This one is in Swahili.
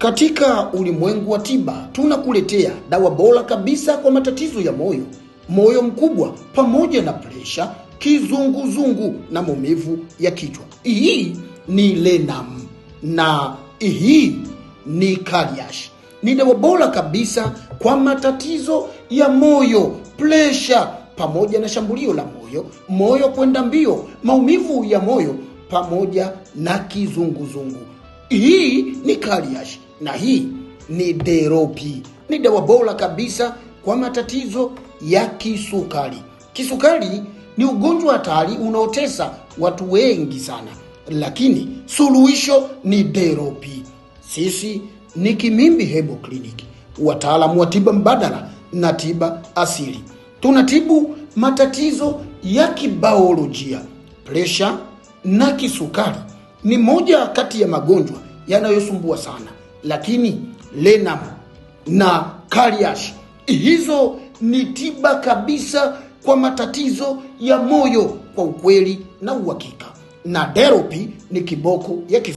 Katika ulimwengu wa tiba tunakuletea dawa bora kabisa kwa matatizo ya moyo, moyo mkubwa, pamoja na presha, kizunguzungu na maumivu ya kichwa. Hii ni Lenam na hii ni Kariash. Ni dawa bora kabisa kwa matatizo ya moyo, presha, pamoja na shambulio la moyo, moyo kwenda mbio, maumivu ya moyo, pamoja na kizunguzungu. Hii ni Kariash na hii ni Deropi, ni dawa bora kabisa kwa matatizo ya kisukari. Kisukari ni ugonjwa hatari unaotesa watu wengi sana, lakini suluhisho ni Deropi. Sisi ni Kimimbi Hebo Kliniki, wataalamu wa tiba mbadala na tiba asili. Tunatibu matatizo ya kibaolojia. Presha na kisukari ni moja kati ya magonjwa yanayosumbua sana, lakini Lenam na Kariash, hizo ni tiba kabisa kwa matatizo ya moyo kwa ukweli na uhakika, na Deropi ni kiboko ya